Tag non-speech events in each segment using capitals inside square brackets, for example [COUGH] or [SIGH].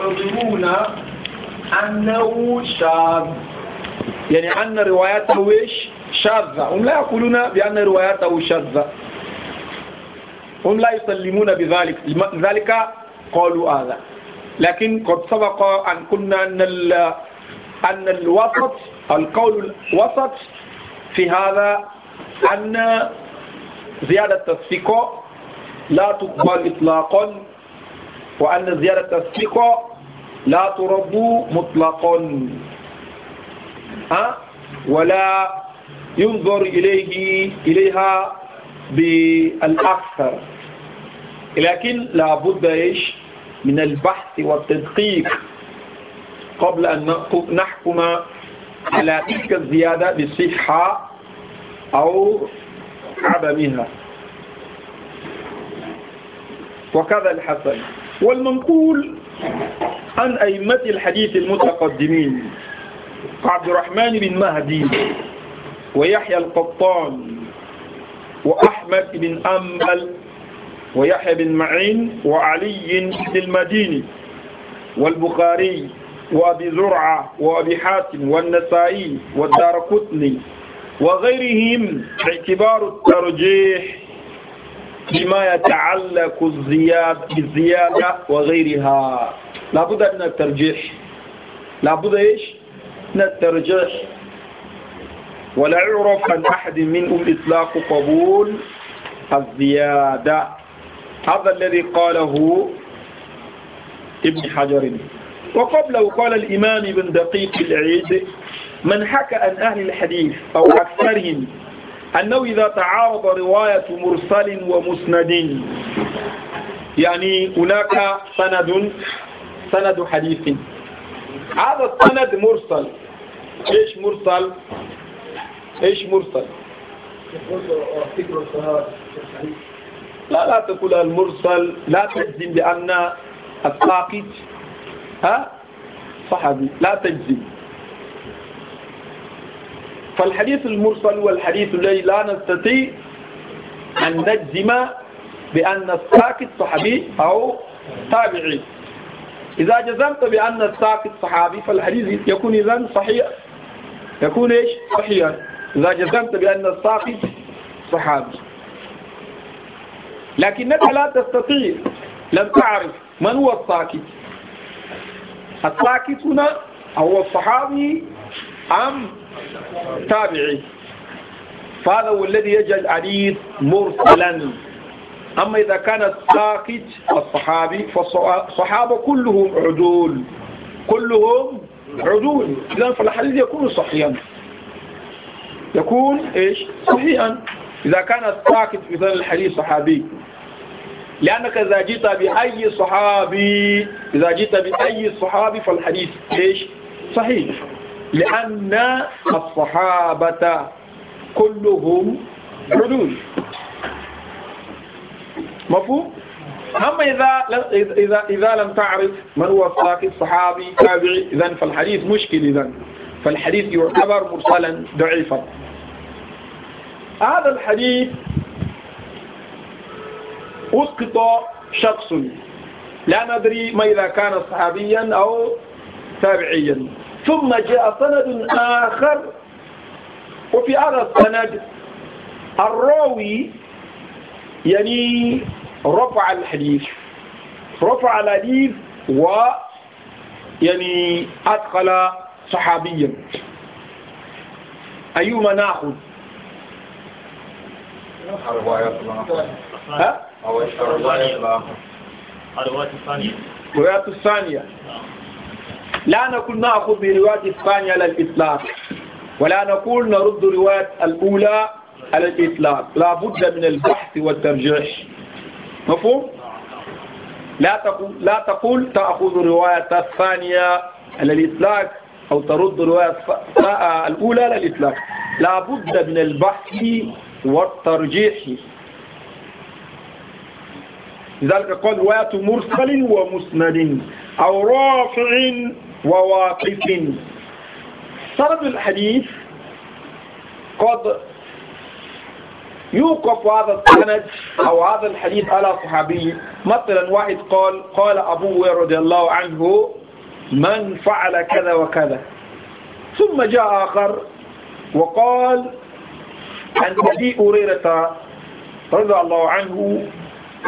يعتبرون أنه شاذ يعني أن روايته إيش شاذة هم لا يقولون بأن روايته شاذة هم لا يسلمون بذلك لذلك قالوا هذا لكن قد سبق أن قلنا أن أن الوسط القول الوسط في هذا أن زيادة الثقة لا تقبل إطلاقا وأن زيادة الثقة لا ترد مطلقا ها ولا ينظر إليه إليها بالأكثر لكن لابد إيش من البحث والتدقيق قبل أن نحكم على تلك الزيادة بصحة أو عدمها وكذا الحسن والمنقول عن أئمة الحديث المتقدمين عبد الرحمن بن مهدي ويحيى القطان وأحمد بن أنبل ويحيى بن معين وعلي بن المديني والبخاري وأبي زرعة وأبي حاتم والنسائي والدار وغيرهم اعتبار الترجيح فيما يتعلق بالزيادة وغيرها لابد من الترجيح لابد إيش من الترجيح ولا يعرف عن أحد منهم إطلاق قبول الزيادة هذا الذي قاله ابن حجر وقبله قال الإمام ابن دقيق العيد من حكى أن أهل الحديث أو أكثرهم أنه إذا تعارض رواية مرسل ومسند يعني هناك سند سند حديث هذا السند مرسل ايش مرسل ايش مرسل لا لا تقول المرسل لا تجزم بأن الساقط ها صحابي لا تجزم فالحديث المرسل والحديث الذي لا نستطيع أن نجزم بأن الساكت صحابي أو تابعي إذا جزمت بأن الساكت صحابي فالحديث يكون إذا صحيح يكون إيش صحيح إذا جزمت بأن الساكت صحابي لكنك لا تستطيع لم تعرف من هو الساكت الساكت هنا هو الصحابي أم تابعي فهذا هو الذي يجعل الحديث مرسلا أما إذا كان ساكت الصحابي فالصحابة كلهم عدول كلهم عدول إذا فالحديث يكون صحيحا يكون إيش صحيحا إذا كان ساكت اذا الحديث صحابي لأنك إذا جئت بأي صحابي إذا جئت بأي صحابي فالحديث إيش صحيح لأن الصحابة كلهم عدول مفهوم؟ أما إذا إذا إذا لم تعرف من هو الساقي الصحابي تابعي إذا فالحديث مشكل إذا فالحديث يعتبر مرسلا ضعيفا هذا الحديث أسقط شخص لا ندري ما إذا كان صحابيا أو تابعيا ثم جاء سند آخر وفي هذا السند الراوي يعني رفع الحديث رفع الحديث و يعني أدخل صحابيا أيما نأخذ الرواية الثانية الرواية الثانية نعم. لا نقول نأخذ برواية الثانية على الإطلاق ولا نقول نرد رواية الأولى على الإطلاق لا بد من البحث والترجيح مفهوم؟ لا تقول, لا تقول تأخذ رواية الثانية على الإطلاق أو ترد رواية آه، الأولى على الإطلاق لا بد من البحث والترجيح لذلك قال رواية مرسل ومسند أو رافع وواقف سند الحديث قد يوقف هذا السند أو هذا الحديث على صحابي مثلا واحد قال قال أبو هريرة رضي الله عنه من فعل كذا وكذا ثم جاء آخر وقال عن أبي هريرة رضي الله عنه أن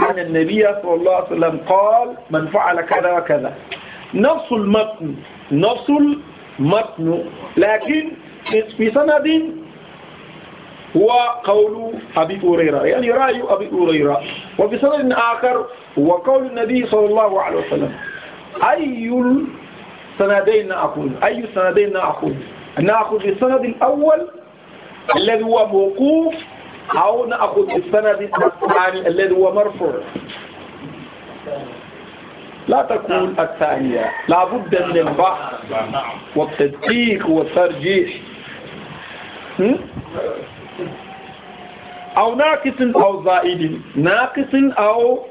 عن النبي صلى الله عليه وسلم قال من فعل كذا وكذا نفس المتن نفس المتن لكن في سند هو قول أبي هريرة يعني رأي أبي هريرة وفي سند آخر هو قول النبي صلى الله عليه وسلم أي السندين نأخذ أي السندين نأخذ نأخذ السند الأول الذي هو موقوف أو نأخذ السند الثاني الذي هو مرفوع لا تقول نعم. الثانية لا بد من البحث نعم. والتدقيق والترجيح أو ناقص أو زائد ناقص أو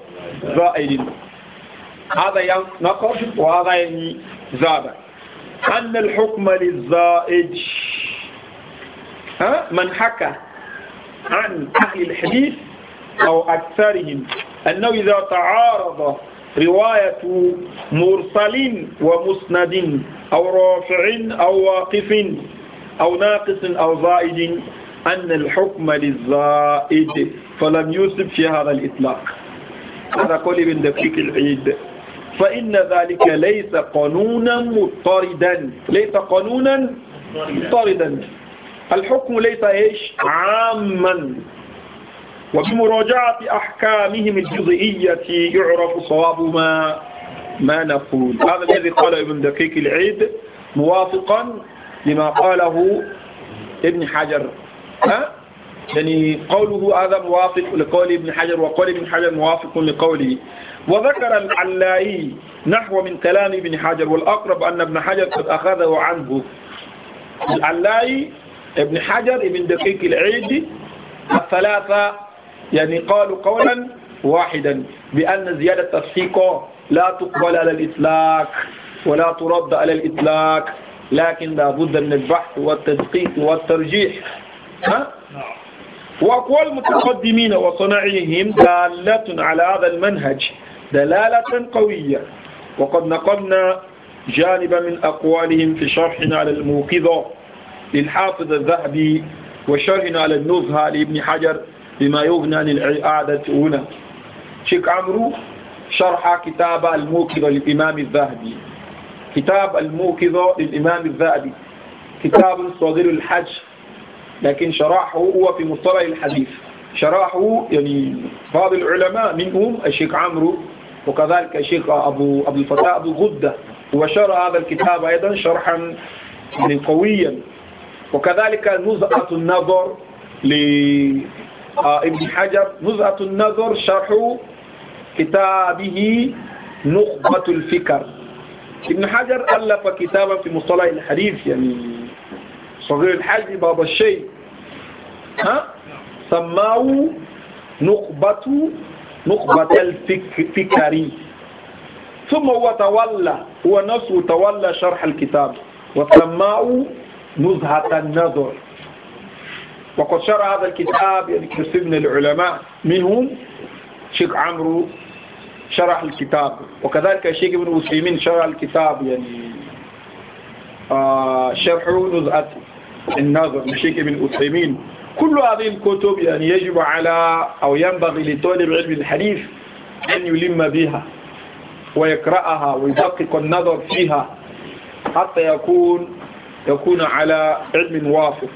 زائد هذا يعني نقص وهذا يعني زاد أن الحكم للزائد من حكى عن أهل الحديث أو أكثرهم أنه إذا تعارض رواية مرسل ومسند أو رافع أو واقف أو ناقص أو زائد أن الحكم للزائد فلم يوسف في هذا الإطلاق هذا قول ابن دقيق العيد فإن ذلك ليس قانونا مضطردا ليس قانونا مضطردا الحكم ليس إيش عاما وبمراجعة أحكامهم الجزئية يعرف صواب ما ما نقول هذا الذي قال ابن دقيق العيد موافقا لما قاله ابن حجر ها؟ يعني قوله هذا موافق لقول ابن حجر وقول ابن حجر موافق لقوله وذكر العلائي نحو من كلام ابن حجر والأقرب أن ابن حجر قد أخذه عنه العلائي ابن حجر ابن دقيق العيد الثلاثة يعني قالوا قولا واحدا بأن زيادة التصحيق لا تقبل على الإطلاق ولا ترد على الإطلاق لكن لابد من البحث والتدقيق والترجيح ها؟ وأقوال المتقدمين وصناعيهم دالة على هذا المنهج دلالة قوية وقد نقلنا جانبا من أقوالهم في شرحنا على الموقظة للحافظ الذهبي وشرحنا على النزهة لابن حجر بما يغني عن الإعادة هنا شيخ عمرو شرح كتاب الموقظ للإمام الذهبي كتاب الموقظ للإمام الذهبي كتاب صغير الحج لكن شرحه هو في مصطلح الحديث شرحه يعني بعض العلماء منهم الشيخ عمرو وكذلك الشيخ أبو أبو الفتاة أبو غدة هو شرح هذا الكتاب أيضا شرحا يعني قويا وكذلك نزعة النظر آه، ابن حجر نزهة النظر شرح كتابه نخبة الفكر ابن حجر ألف كتابا في مصطلح الحديث يعني صغير الحجم بابا الشيء ها سماه نخبة نخبة الفكر ثم هو تولى هو نفسه تولى شرح الكتاب وسماه نزهة النظر وقد شرع هذا الكتاب يكتسب يعني من العلماء منهم شيخ عمرو شرح الكتاب وكذلك الشيخ ابن مسلمين شرح الكتاب يعني آه شرح نزعة النظر الشيخ ابن مسلمين كل هذه الكتب يعني يجب على أو ينبغي لطالب علم الحديث أن يلم بها ويقرأها ويدقق النظر فيها حتى يكون يكون على علم وافق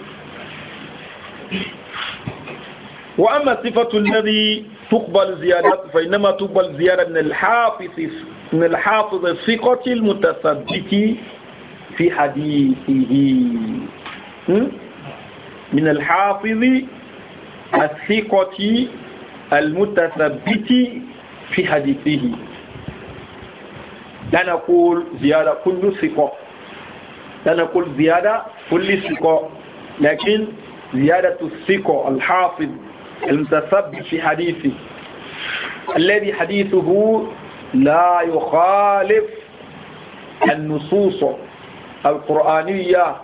وأما صفة الذي تقبل زيادة فإنما تقبل زيادة من الحافظ من الحافظ الثقة المتثبت في حديثه من الحافظ الثقة المتثبت في حديثه لا نقول زيادة كل ثقة لا نقول زيادة كل ثقة لكن زيادة الثقة الحافظ المتثبت في حديثه الذي حديثه لا يخالف النصوص القرآنية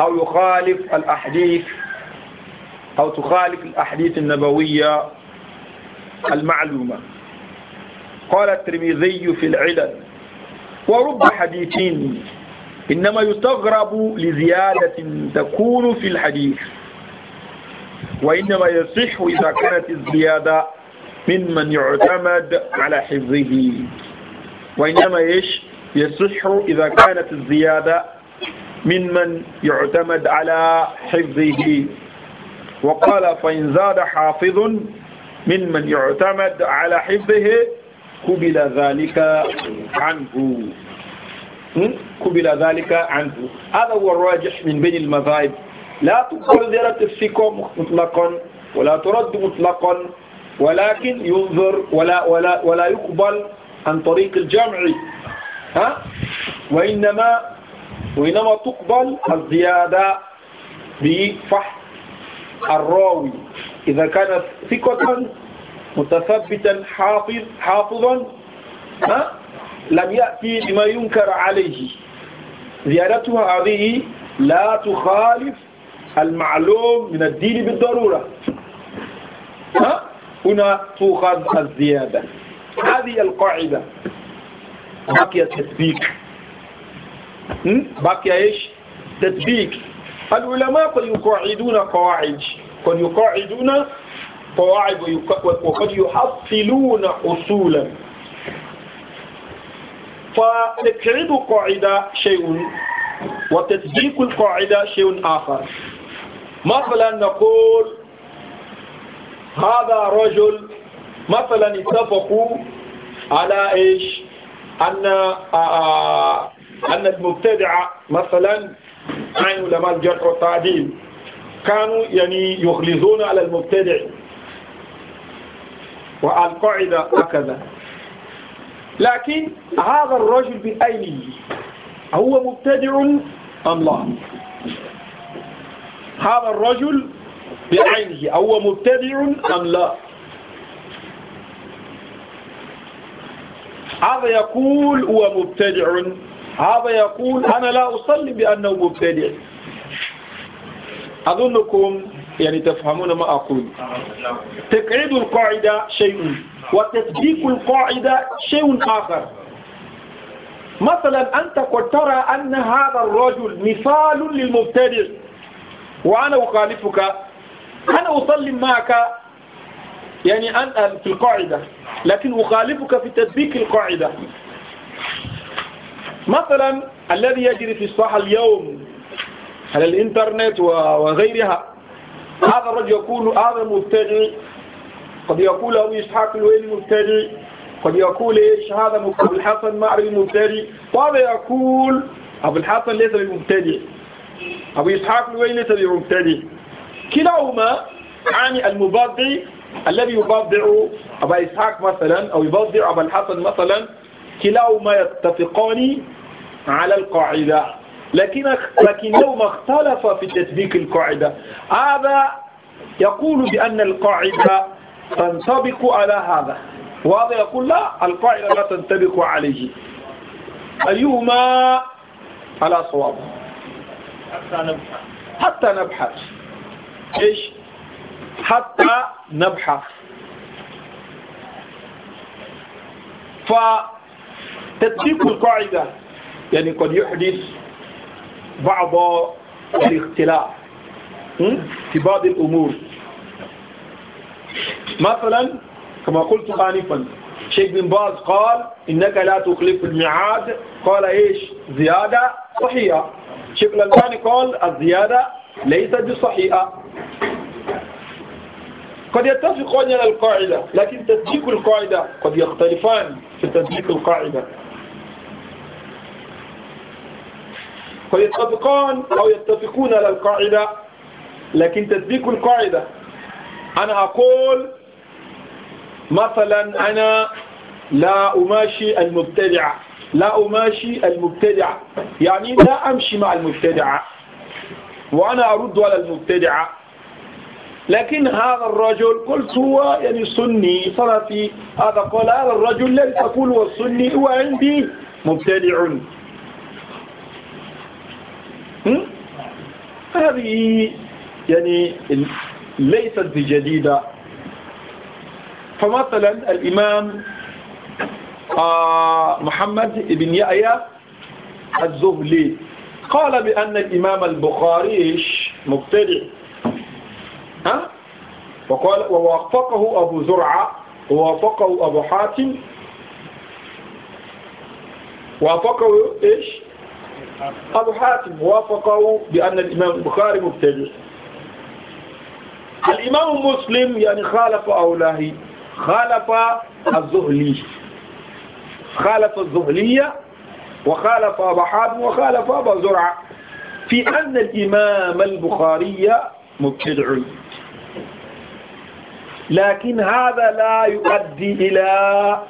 أو يخالف الأحاديث أو تخالف الأحاديث النبوية المعلومة قال الترمذي في العلل ورب حديث إنما يستغرب لزيادة تكون في الحديث وإنما يصح إذا كانت الزيادة من من يعتمد على حفظه وإنما إيش يصح إذا كانت الزيادة من من يعتمد على حفظه وقال فإن زاد حافظ من من يعتمد على حفظه قبل ذلك عنه قبل ذلك عنه هذا هو الراجح من بين المذاهب لا تقبل زيارة الثقة مطلقا ولا ترد مطلقا ولكن ينظر ولا ولا ولا يقبل عن طريق الجمع ها وإنما وإنما تقبل الزيادة بفحص الراوي إذا كان ثقة متثبتا حافظ حافظا ها لم يأتي بما ينكر عليه زيادتها هذه لا تخالف المعلوم من الدين بالضرورة ها؟ هنا تؤخذ الزيادة هذه القاعدة باقي التطبيق باقي ايش؟ تطبيق العلماء قد يقاعدون قواعد قد يقاعدون قواعد وقد يحصلون اصولا فتقعيد قاعدة شيء وتطبيق القاعدة شيء آخر مثلا نقول هذا رجل مثلا اتفقوا على ايش ان آه، آه، ان المبتدع مثلا عن علماء الجرح والتعديل كانوا يعني يخلصون على المبتدع والقاعدة هكذا لكن هذا الرجل بأينه هو مبتدع أم لا هذا الرجل بعينه هو مبتدع أم لا هذا يقول هو مبتدع هذا يقول أنا لا أصلي بأنه مبتدع أظنكم يعني تفهمون ما أقول تقعيد القاعدة شيء وتثبيت القاعدة شيء آخر مثلا أنت قد ترى أن هذا الرجل مثال للمبتدع وأنا أخالفك أنا أصلم معك يعني أنا في القاعدة لكن أخالفك في تدبيك القاعدة مثلا الذي يجري في الصحة اليوم على الإنترنت وغيرها هذا الرجل يقول هذا مبتغي قد يقول أبو إسحاق الويلي مبتغي قد يقول إيش هذا أبو الحسن معرفي مبتغي وهذا يقول أبو الحسن ليس بمبتدئ أبو إسحاق الويلة بمبتدي كلاهما عن المبضع الذي يبضع أبا إسحاق مثلا أو يبضع أبا الحسن مثلا كلاهما يتفقان على القاعدة لكن لكنهما اختلفا في تطبيق القاعدة هذا يقول بأن القاعدة تنطبق على هذا وهذا يقول لا القاعدة لا تنطبق عليه أيهما على صواب حتى نبحث حتى نبحث ايش حتى نبحث تطبيق القاعدة يعني قد يحدث بعض الاختلاف في بعض الأمور مثلا كما قلت آنفا شيخ بن باز قال إنك لا تخلف الميعاد قال إيش زيادة صحية Sheikh الثاني قال الزيادة ليست بصحيحة قد يتفقان على القاعدة لكن تطبيق القاعدة قد يختلفان في تطبيق القاعدة قد يتفقان أو يتفقون على القاعدة لكن تطبيق القاعدة أنا أقول مثلا أنا لا أماشي المبتدعة لا أماشي المبتدع يعني لا أمشي مع المبتدع وأنا أرد على المبتدع لكن هذا الرجل قلت هو يعني سني صلاتي هذا قال هذا الرجل لن أقول هو سني هو عندي مبتدع هذه يعني ليست بجديدة فمثلا الإمام محمد بن يأيا الزهلي قال بأن الإمام البخاري مبتدع ها وقال ووافقه أبو زرعة ووافقه أبو حاتم وافقه إيش أبو حاتم وافقه بأن الإمام البخاري مبتدع الإمام مسلم يعني خالف أولاه خالف الزهلي خالف الذهلية وخالف أبا حاتم وخالف أبا زرعة في أن الإمام البخاري مبتدع لكن هذا لا يؤدي إلى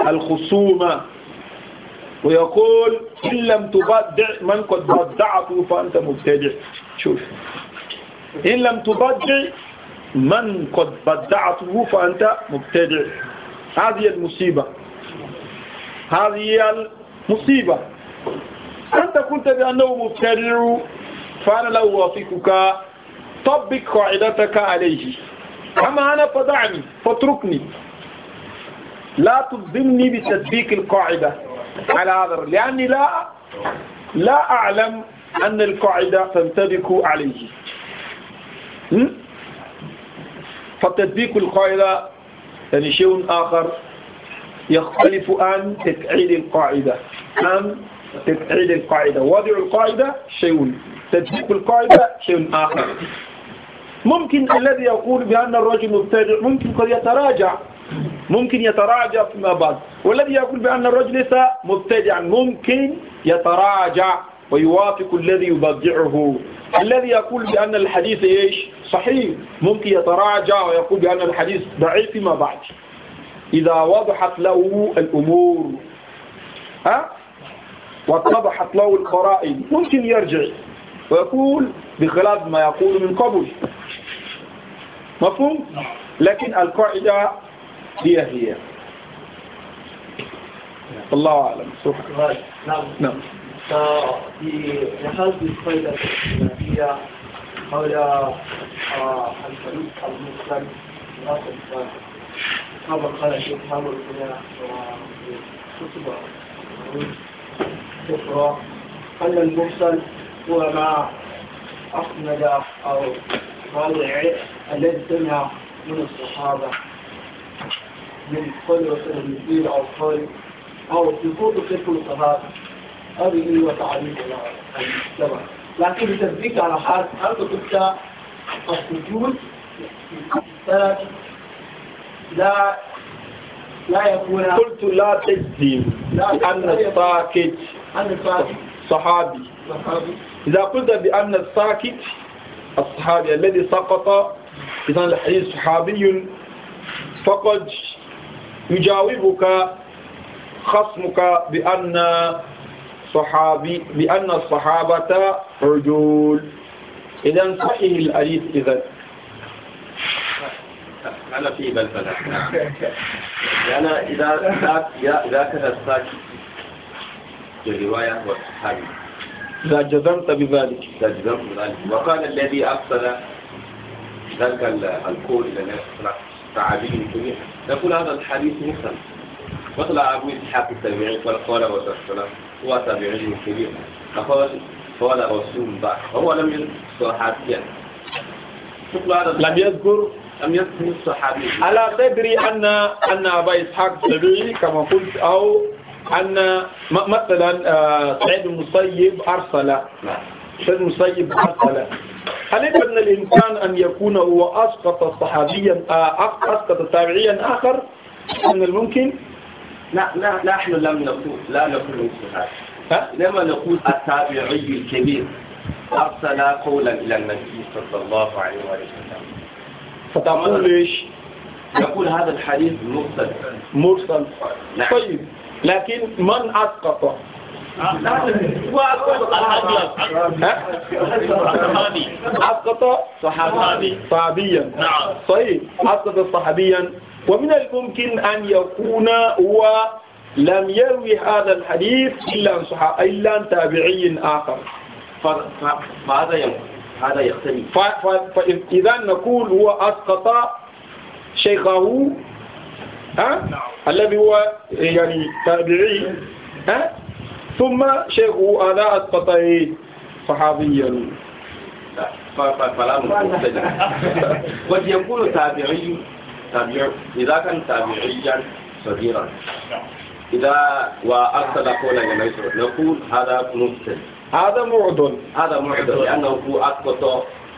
الخصومة ويقول إن لم تبدع من قد بدعته فأنت مبتدع شوف إن لم تبدع من قد بدعته فأنت مبتدع هذه المصيبة هذه المصيبة أنت قلت بأنه مبتدع فأنا لا أوافقك طبق قاعدتك عليه أما أنا فدعني فاتركني لا تظلمني بتطبيق القاعدة على هذا لأني لا لا أعلم أن القاعدة تنطبق عليه فتطبيق القاعدة يعني شيء آخر يختلف عن تفعيل القاعدة عن تفعيل القاعدة وضع القاعدة شيء تدبيق القاعدة شيء آخر ممكن الذي يقول بأن الرجل مبتدع ممكن قد يتراجع ممكن يتراجع فيما بعد والذي يقول بأن الرجل ليس مبتدعا ممكن يتراجع ويوافق الذي يبدعه الذي يقول بأن الحديث إيش صحيح ممكن يتراجع ويقول بأن الحديث ضعيف فيما بعد إذا وضحت له الأمور ها واتضحت له القرائن ممكن يرجع ويقول بخلاف ما يقول من قبل مفهوم نعم. لكن القاعدة هي هي الله أعلم سبحانه نعم في هذه القاعدة الإسلامية حول الفريق المسلم طبق قال شيخ هذا الفلاح وخطبة أخرى أن المرسل هو ما أسند أو راجع الذي سمع من الصحابة من قول رسول المسير أو قول أو تقول كيف الصحابة هذه وتعليم المجتمع لكن لتثبيت على حال هل كنت السجود ثلاث لا لا يكون قلت لا تجزم بأن الساكت صحابي إذا قلت بأن الساكت الصحابي الذي سقط إذا الحديث صحابي فقد يجاوبك خصمك بأن صحابي بأن الصحابة رجول إذا صحيح الحديث إذا على في بلبلة نعم لأن إذا إذا كذا ساك الرواية والصحابي إذا جزمت بذلك إذا جزمت بذلك وقال الذي أرسل ذلك القول إلى الناس الصحابي كبيرة نقول هذا الحديث مثل وطلع أبو إسحاق التابعي قال قال وسلم هو تابعي كبير فقال قال رسول الله هو لم يذكر صحابيا لم يذكر يفهم الصحابي ألا تدري أن أن أبا إسحاق سبيعي كما قلت أو أن مثلا آه، سعيد المصيب أرسل سعيد المصيب أرسل هل أن الإنسان أن يكون هو أسقط صحابيا آه، أسقط تابعيا آخر من الممكن؟ لا لا نحن لم نقول لا نقول هذا لما نقول التابعي الكبير أرسل قولا إلى النبي صلى الله عليه وسلم فتقول إيش يقول هذا الحديث مرسل مرسل نعم. طيب لكن من أسقط أسقط صحابي صحابيا نعم صحيح طيب، أسقط صحابيا ومن الممكن أن يكون هو لم يروي هذا الحديث إلا عن إلا عن تابعي آخر فهذا يقول هذا فإذا نقول هو أسقط شيخه ها نعم. الذي هو يعني تابعي ها ثم شيخه هذا أسقط إيه؟ صحابيا فلا [LAUGHS] قد يكون تابعي تابعي إذا كان تابعيا صغيرا نعم. إذا أقول قولا نقول هذا مبتدئ هذا معدن هذا معدن لأنه أسقط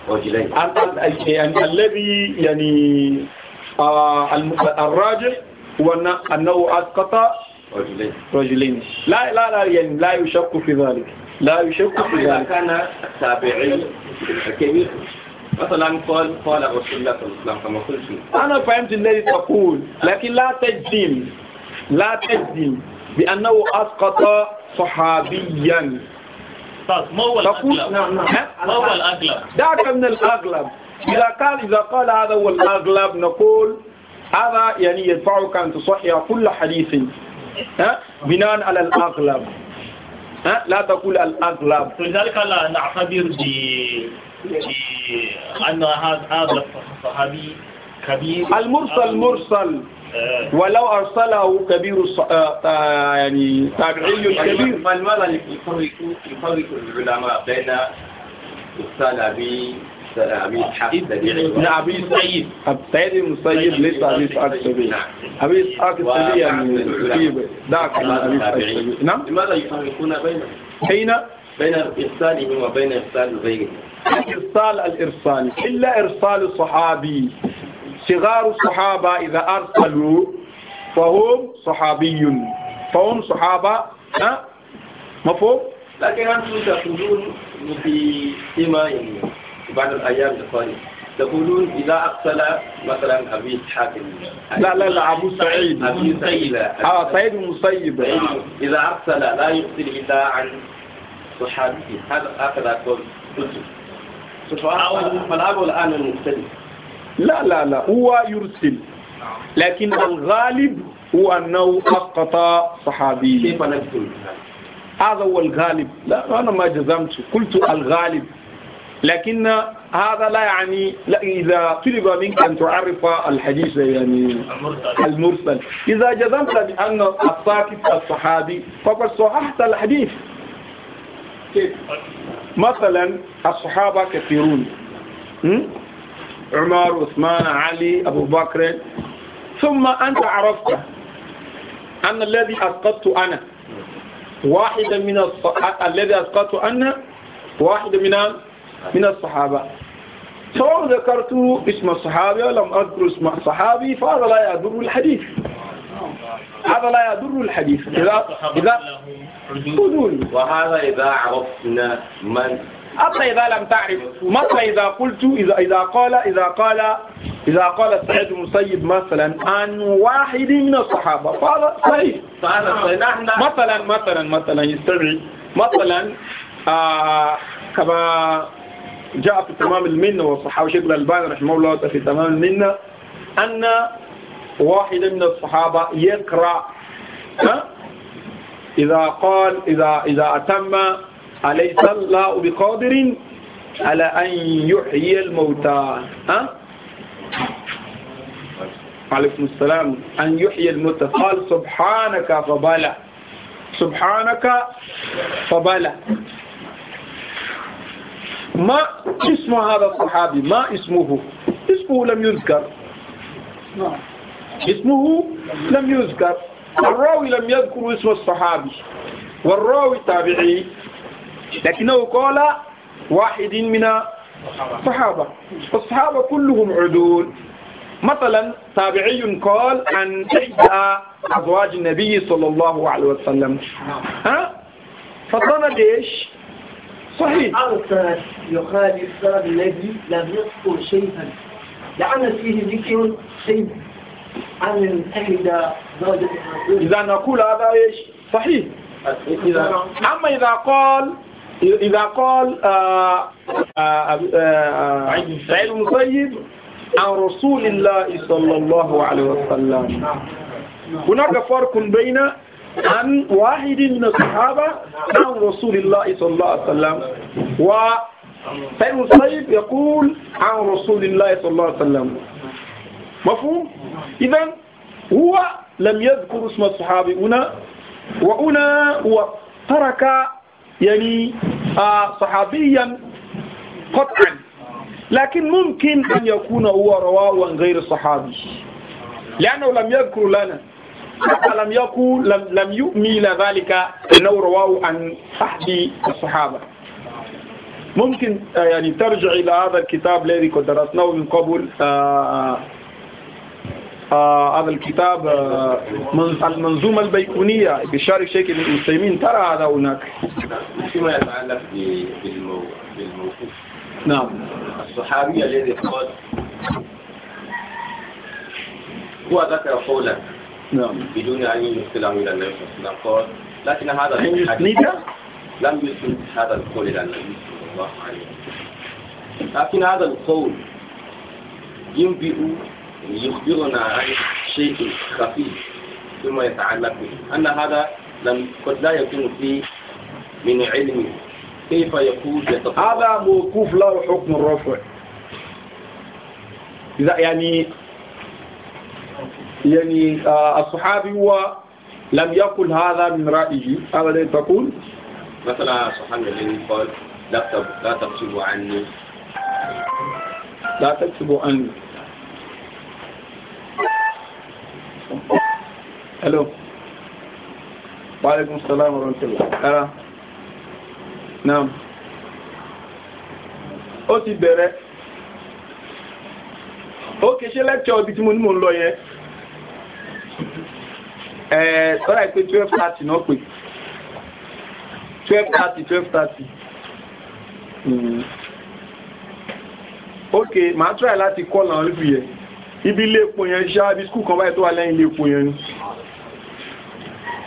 رجلين الذي يعني آه الراجح هو أنه أسقط رجلين رجلين لا لا لا يعني لا يشك في ذلك لا يشك في ذلك إذا كان تابعي كبير مثلا قال قال رسول الله صلى الله عليه وسلم كما قلت أنا فهمت الذي تقول لكن لا تجزم لا تجزم بأنه أسقط صحابيا ما هو الأغلب نعم، نعم. ما هو الأغلب دعك من الأغلب إذا قال إذا قال هذا هو الأغلب نقول هذا يعني يدفعك أن تصحح كل حديث ها بناء على الأغلب ها لا تقول الأغلب لذلك لا نعتبر ب أن هذا الصحابي كبير المرسل مرسل ولو أرسله كبير الص... آه, آه، يعني تابعي الكبير ما لماذا يفرق يفرق العلماء بين إيه؟ السلبي أبي سعيد سعيد المسيب ليس أبي سعيد السبيعي نعم. أبي سعيد السبيعي يعني ذاك أبي سعيد السبيعي نعم لماذا يفرقون بين حين بين إرسالهم وبين إرسال غيرهم الإرسال الإرسالي إلا إرسال الصحابي صغار الصحابة إذا أرسلوا فهم صحابي فهم صحابة ها مفهوم؟ لكن أنتم تقولون في سيما بعد الأيام القادمة تقولون إذا أقتل مثلا أبي إسحاق لا لا لا أبو سعيد أبي سعيد آه سعيد المسيب إذا أقتل لا يقتل إلا عن صحابته هذا هكذا قلت فالأب الآن المختلف لا لا لا هو يرسل لكن الغالب هو أنه أسقط صحابي كيف نقول هذا هو الغالب لا أنا ما جزمت قلت الغالب لكن هذا لا يعني لا إذا طلب منك أن تعرف الحديث يعني المرسل, المرسل. إذا جزمت بأن الساكت الصحابي فقد صححت الحديث مثلا الصحابة كثيرون عمر عثمان علي أبو بكر ثم أنت عرفت أن الذي أسقطت أنا واحدا من الص... الذي أسقطت أنا واحدا من من الصحابة سواء ذكرت اسم الصحابي لم أذكر اسم الصحابي فهذا لا يضر الحديث هذا لا يضر الحديث إذا إذا وهذا إذا عرفنا من أما إذا لم تعرف مثلا إذا قلت إذا إذا قال إذا قال إذا قال سعيد المسيب مثلا عن واحد من الصحابة فهذا صحيح مثلا مثلا مثلا يستمعي مثلا آه كما جاء في تمام المنة والصحابة شيخ الألباني رحمه الله في تمام المنة أن واحدا من الصحابة يقرأ إذا قال إذا إذا أتم أليس الله بقادر على أن يحيي الموتى ها؟ عليكم السلام أن يحيي الموتى قال سبحانك فبلا سبحانك فبلا ما اسم هذا الصحابي ما اسمه اسمه لم يذكر اسمه لم يذكر الراوي لم يذكر اسم الصحابي والراوي تابعي لكنه قال واحد من الصحابة الصحابة كلهم عدول مثلا تابعي قال عن إحدى أزواج النبي صلى الله عليه وسلم ها فطنا ليش صحيح أنت يخالف سبب النبي لم يذكر شيئا لأن فيه ذكر شيء عن إحدى زوجة إذا نقول هذا إيش صحيح أما إذا قال إذا قال سعيد آه، آه، آه، المسيب عن رسول الله صلى الله عليه وسلم هناك فرق بين عن واحد من الصحابة عن رسول الله صلى الله عليه وسلم و سعيد المسيب يقول عن رسول الله صلى الله عليه وسلم مفهوم؟ إذا هو لم يذكر اسم الصحابي هنا وهنا هو ترك يعني آه, صحابيا قطعا لكن ممكن أن يكون هو رواه عن غير صحابي لأنه لم يذكر لنا لم يقول لم لم يؤمن ذلك أنه رواه عن أحد الصحابة ممكن آه, يعني ترجع إلى هذا الكتاب الذي قد درسناه من قبل آه, آه، هذا الكتاب آه، المنظومة البيكونية بشارك شيخ المسلمين ترى هذا هناك فيما يتعلق بالموقف نعم الصحابي الذي قال هو ذكر قولك نعم بدون أن ينقله إلى النبي صلى الله عليه وسلم لكن هذا الحديث لم يسند هذا القول إلى النبي صلى الله عليه وسلم لكن هذا القول ينبئ يخبرنا عن شيء خفي فيما يتعلق به أن هذا لم قد لا يكون فيه من علمه كيف يكون يتطلع هذا موقوف له حكم الرفع إذا يعني يعني آه، الصحابي هو لم يقل هذا من رأيه أبدا تقول مثلا صحابي الذي قال لا تكتبوا لا تكتب عني لا تكتب عني hello Waalaikum alaikum salam wa rahmatullah ara náà ó ti bẹ̀rẹ̀ ó kì í ṣe lẹ́kṣọ̀ ibi tí mo ní mò ń lọ yẹn ẹ̀ẹ́ sọ́ra ìpè twelve thirty náà pè twelve thirty twelve thirty hmm. ok màá try láti kọ́ làwọn olùbí yẹn ibi ilé epo yẹn ṣáà ibi skul kan báyìí tó wà lẹ́yìn ilé epo yẹn ni.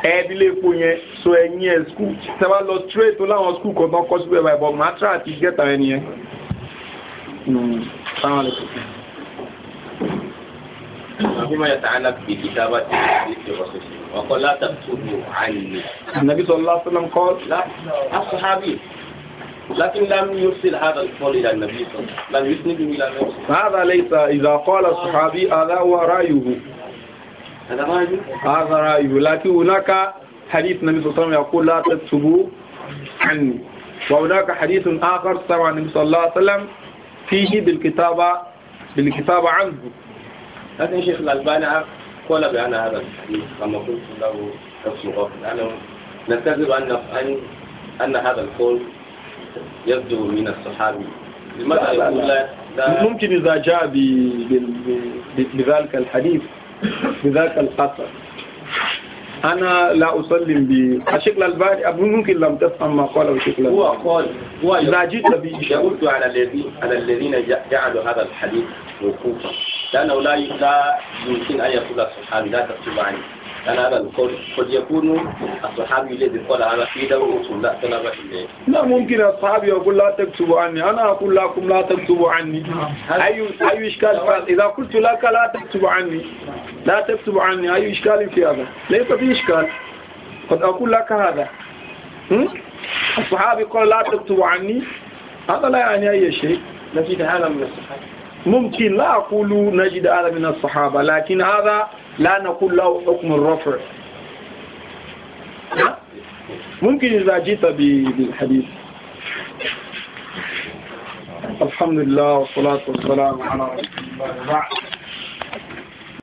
ẹbílẹ̀ epo yẹn so ẹ̀yìn ẹ̀ skul tẹ́ bá lọ straight tó láwọn skul kan tán kọ́ sí pé bàbá ọmọ atra àti gẹ́ta ẹni yẹn. النبي صلى الله عليه وسلم قال لا أصحابي لكن لم يرسل هذا القول إلى النبي صلى الله عليه وسلم لم يسنده إلى النبي هذا ليس إذا قال الصحابي هذا هو رأيه هذا رأي لكن هناك حديث النبي صلى الله عليه وسلم يقول لا تكتبوا عني وهناك حديث آخر سمع النبي صلى الله عليه وسلم فيه بالكتابة بالكتابة عنه لكن شيخ الألباني قال بأن هذا الحديث كما قلت له نفس غفل أنا نكذب أن أن هذا القول يصدر من الصحابي لماذا يقول لا ممكن إذا جاء بذلك الحديث بذاك القصر أنا لا أسلم ب الباري أبو ممكن لم تفهم ما قاله الشكل الألباني هو قال هو إذا جئت به على الذين على الذين جعلوا هذا الحديث وقوفا لأنه لا لا يمكن أن يقول الصحابي لا تكتب عنه لا ممكن الصحابي يقول لا تكتبوا عني أنا أقول لكم لا تكتبوا عني أي أي إشكال إذا قلت لك لا تكتبوا عني لا تكتبوا عني أي إشكال في هذا ليس في إشكال قد أقول لك هذا الصحابي قال لا تكتبوا عني هذا لا يعني أي شيء نجد هذا من الصحابة ممكن لا أقول نجد هذا من الصحابة لكن هذا لا نقول له حكم الرفع ممكن إذا جئت بالحديث الحمد لله والصلاة والسلام على رسول الله